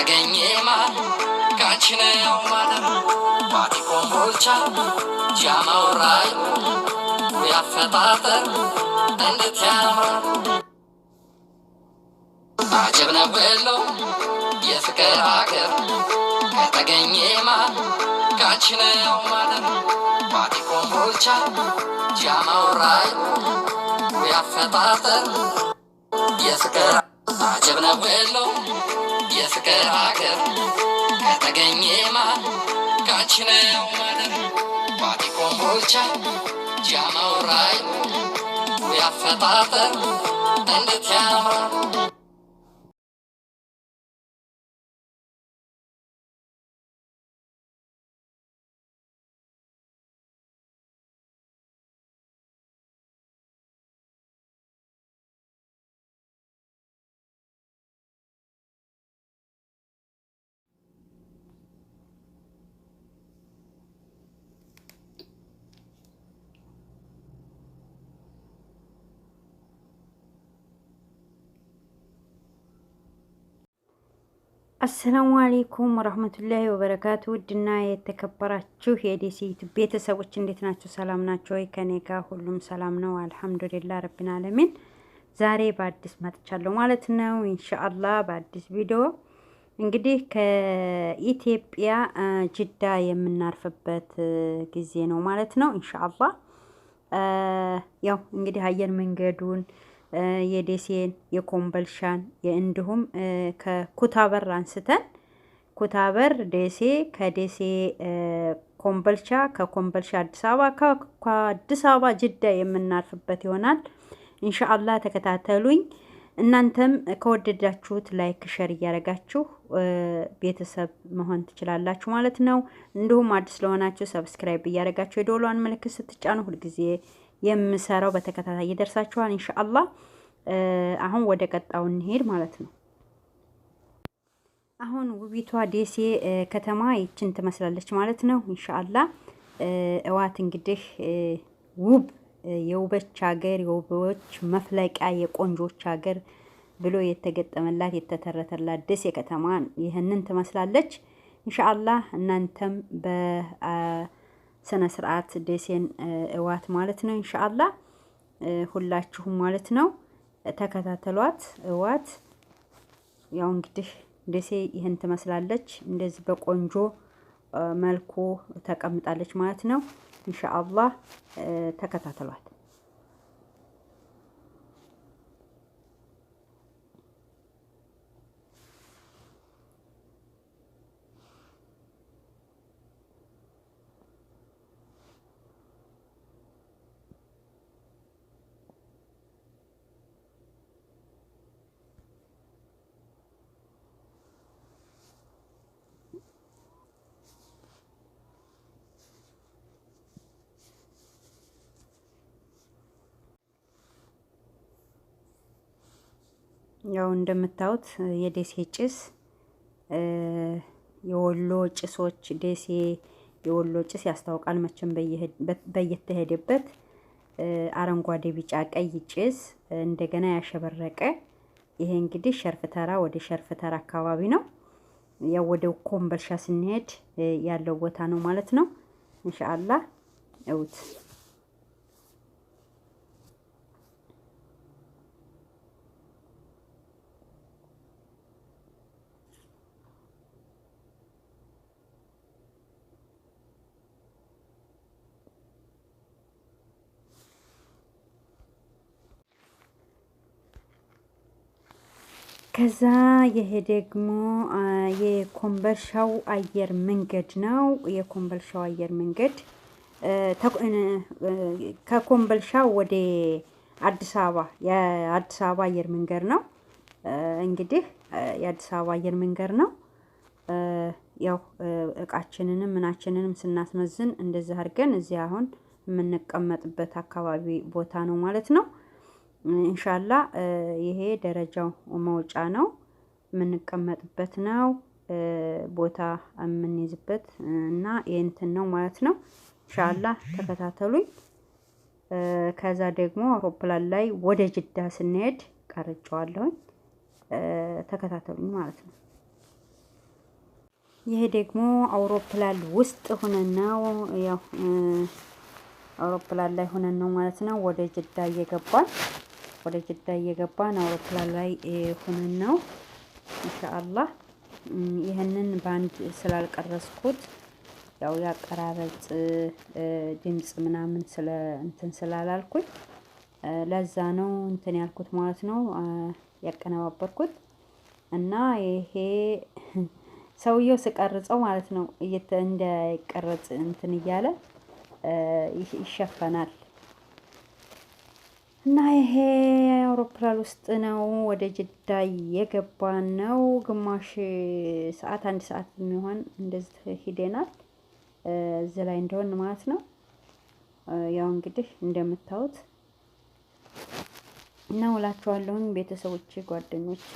ተገኘ ማር ካንቺ ነው ማደር ፓቲ ኮምቦልቻ ጃማውራይ ያፈጣጠር እንዴት ያምራል አጀብ ነው የፍቅር አገር ከተገኘ ማር ካንቺ ነው ማደር ፓቲ ኮምቦልቻ ጃማውራይ ያፈጣጠር የፍቅር አጀብ ነው የፍቅር አገር ከተገኘማ ካንቺ ነው ማደር። ዋዲ ኮምቦልቻ፣ ጃማው ያፈጣጠር እንዴት ያምራል! አሰላሙ አሌይኩም ወረህመቱላሂ ወበረካቱ። ውድና የተከበራችሁ የደሴት ቤተሰቦች እንዴት ናቸው ሰላም ናቸው ወይ? ከኔ ጋር ሁሉም ሰላም ነው አልሐምዱሊላህ ረቢን አለሚን። ዛሬ በአዲስ መጥቻለሁ ማለት ነው ኢንሻአላህ በአዲስ ቪዲዮ እንግዲህ ከኢትዮጵያ ጅዳ የምናርፍበት ጊዜ ነው ማለት ነው ኢንሻአላህ። ያው እንግዲህ አየር መንገዱን የደሴን የኮምበልሻን እንዲሁም ከኩታበር አንስተን ኩታበር ደሴ፣ ከደሴ ኮምበልቻ፣ ከኮምበልቻ አዲስ አበባ፣ ከአዲስ አበባ ጅዳ የምናርፍበት ይሆናል። እንሻአላህ ተከታተሉኝ። እናንተም ከወደዳችሁት ላይክ ሸር እያደረጋችሁ ቤተሰብ መሆን ትችላላችሁ ማለት ነው። እንዲሁም አዲስ ለሆናችሁ ሰብስክራይብ እያደረጋችሁ የደወሏን ምልክት ስትጫኑ ሁልጊዜ የምሰራው በተከታታይ ይደርሳችኋል ኢንሻአላህ። አሁን ወደ ቀጣው እንሄድ ማለት ነው። አሁን ውቢቷ ደሴ ከተማ ይችን ትመስላለች ማለት ነው ኢንሻአላህ። እዋት እንግዲህ ውብ የውበች ሀገር የውቦች መፍለቂያ የቆንጆች ሀገር ብሎ የተገጠመላት የተተረተላት ደሴ ከተማ ይህንን ትመስላለች ኢንሻአላህ እናንተም በ ስነ ስርዓት ደሴን እዋት ማለት ነው። እንሻአላ ሁላችሁም ማለት ነው ተከታተሏት፣ እዋት። ያው እንግዲህ ደሴ ይህን ትመስላለች። እንደዚህ በቆንጆ መልኩ ተቀምጣለች ማለት ነው። እንሻአላ ተከታተሏት። ያው እንደምታዩት የደሴ ጭስ የወሎ ጭሶች ደሴ የወሎ ጭስ ያስታውቃል መቼም በየተሄደበት አረንጓዴ፣ ቢጫ፣ ቀይ ጭስ እንደገና ያሸበረቀ ይሄ እንግዲህ ሸርፍተራ ወደ ሸርፍተራ አካባቢ ነው። ያው ወደ ኮምበልሻ ስንሄድ ያለው ቦታ ነው ማለት ነው። ኢንሻአላህ እውት ከዛ ይሄ ደግሞ የኮምበልሻው አየር መንገድ ነው። የኮምበልሻው አየር መንገድ ከኮምበልሻ ወደ አዲስ አበባ የአዲስ አበባ አየር መንገድ ነው። እንግዲህ የአዲስ አበባ አየር መንገድ ነው። ያው እቃችንንም ምናችንንም ስናስመዝን እንደዚህ አድርገን እዚህ አሁን የምንቀመጥበት አካባቢ ቦታ ነው ማለት ነው። ኢንሻላ ይሄ ደረጃው መውጫ ነው፣ የምንቀመጥበት ነው፣ ቦታ የምንይዝበት እና የእንትን ነው ማለት ነው። ኢንሻላ ተከታተሉኝ። ከዛ ደግሞ አውሮፕላን ላይ ወደ ጅዳ ስንሄድ ቀርጨዋለሁኝ። ተከታተሉኝ ማለት ነው። ይሄ ደግሞ አውሮፕላን ውስጥ ሆነን ነው ያው አውሮፕላን ላይ ሆነን ነው ማለት ነው። ወደ ጅዳ እየገባን ወደ ጅዳ እየገባን አውሮፕላን ላይ ሁነን ነው ኢንሻአላህ። ይህንን በአንድ ስላልቀረስኩት ያው ያቀራረጽ ድምጽ ምናምን ስለ እንትን ስላላልኩኝ ለዛ ነው እንትን ያልኩት ማለት ነው ያቀነባበርኩት እና ይሄ ሰውየው ስቀርጸው ማለት ነው እንዳይቀረጽ እንትን እያለ ይሸፈናል። እና ይሄ አውሮፕላን ውስጥ ነው ወደ ጅዳ የገባ ነው። ግማሽ ሰዓት አንድ ሰዓት የሚሆን እንደዚህ ሂደናል። እዚህ ላይ እንደሆን ማለት ነው። ያው እንግዲህ እንደምታዩት እና ውላችኋለሁኝ ቤተሰቦቼ፣ ጓደኞቼ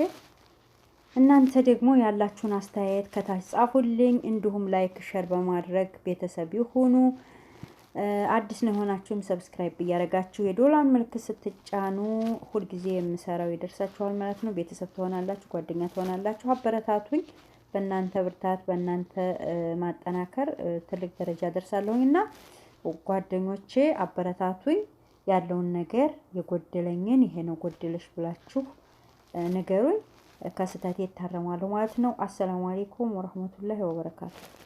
እናንተ ደግሞ ያላችሁን አስተያየት ከታች ጻፉልኝ። እንዲሁም ላይክ ሸር በማድረግ ቤተሰብ ይሁኑ። አዲስ ነው የሆናችሁም ሰብስክራይብ እያደረጋችሁ የዶላር ምልክት ስትጫኑ ሁልጊዜ የምሰራው ይደርሳችኋል ማለት ነው። ቤተሰብ ትሆናላችሁ፣ ጓደኛ ትሆናላችሁ። አበረታቱኝ። በእናንተ ብርታት፣ በእናንተ ማጠናከር ትልቅ ደረጃ ደርሳለሁኝ እና ጓደኞቼ አበረታቱኝ። ያለውን ነገር የጎደለኝን ይሄ ነው ጎደለሽ ብላችሁ ንገሩኝ። ከስህተቴ እታረማለሁ ማለት ነው። አሰላሙ አሌይኩም ወረህመቱላሂ ወበረካቱሁ።